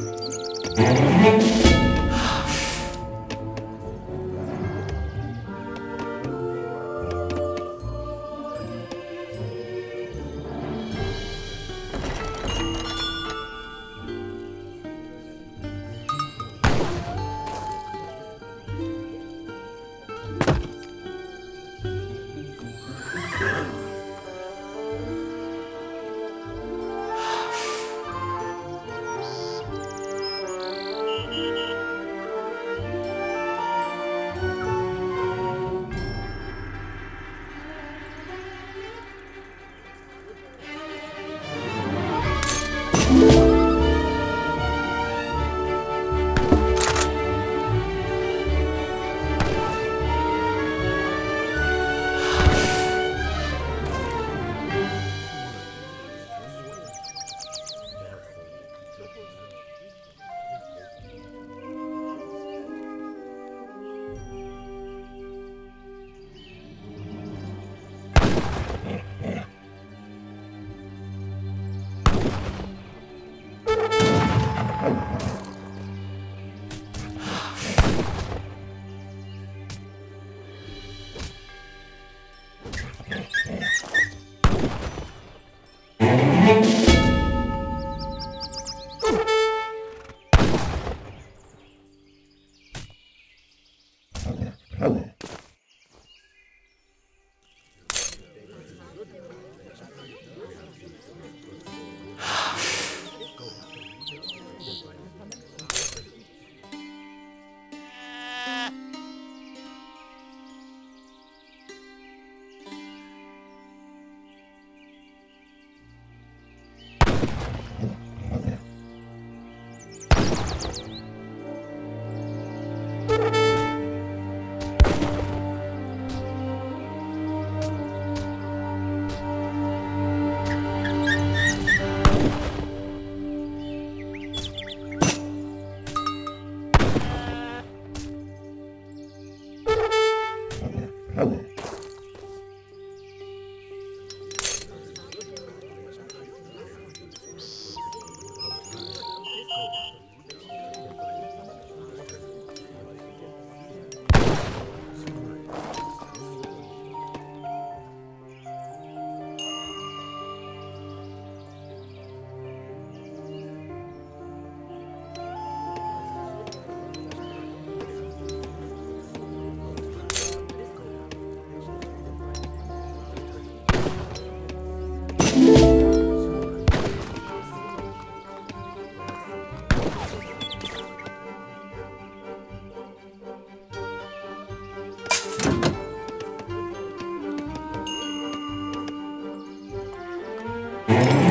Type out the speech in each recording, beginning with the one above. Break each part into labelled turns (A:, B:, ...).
A: Música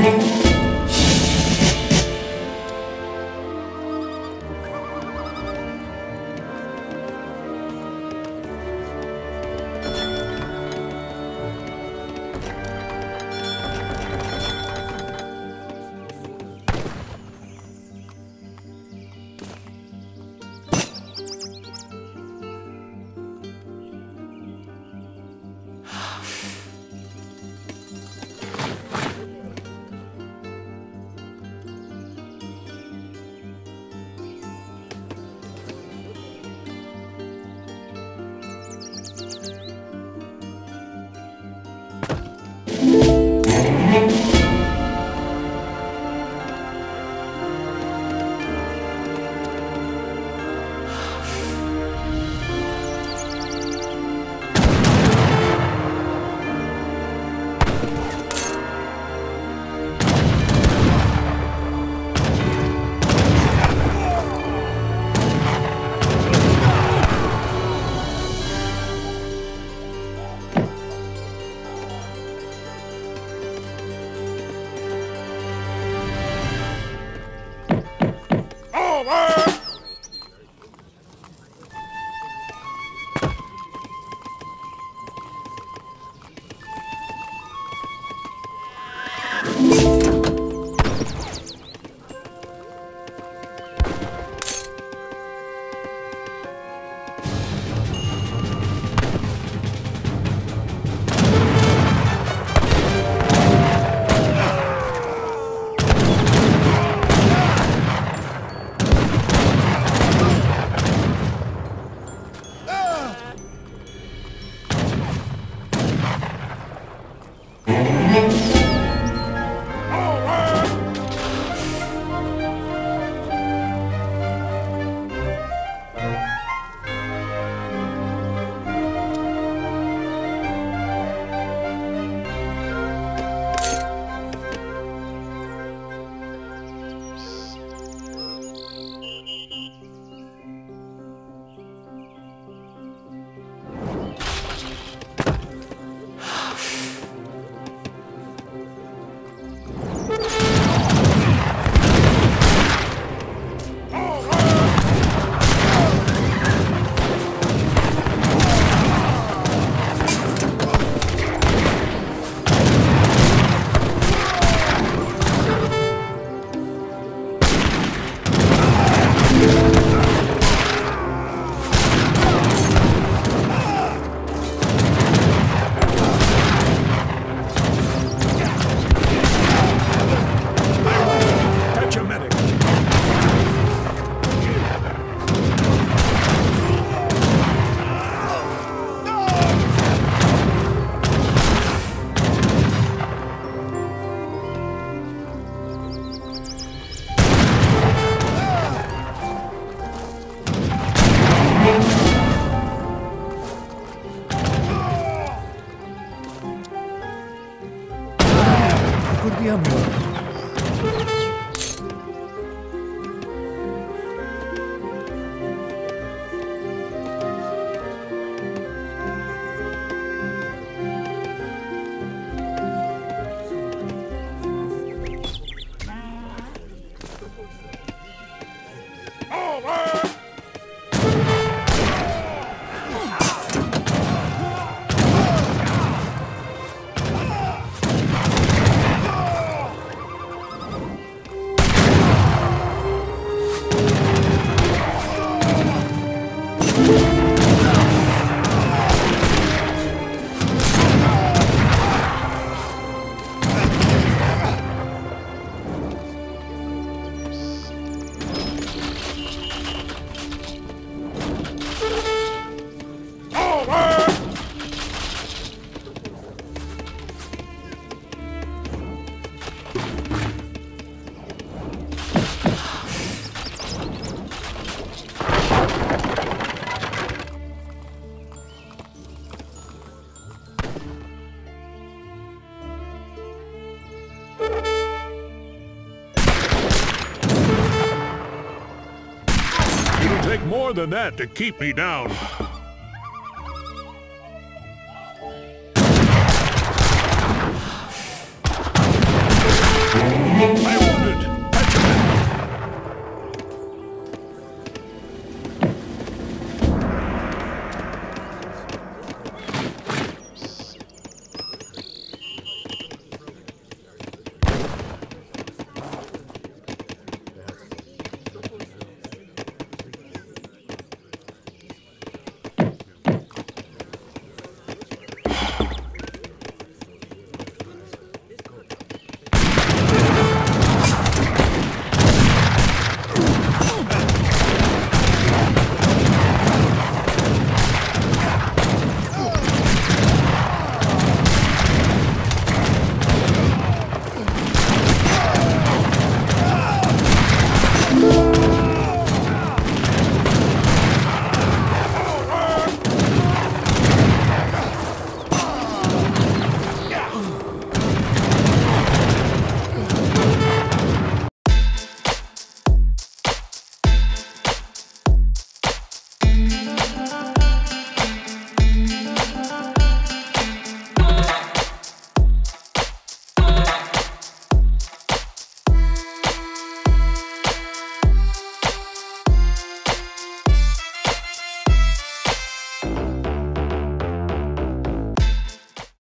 A: Thank you.
B: William.
C: take more than that to keep me down.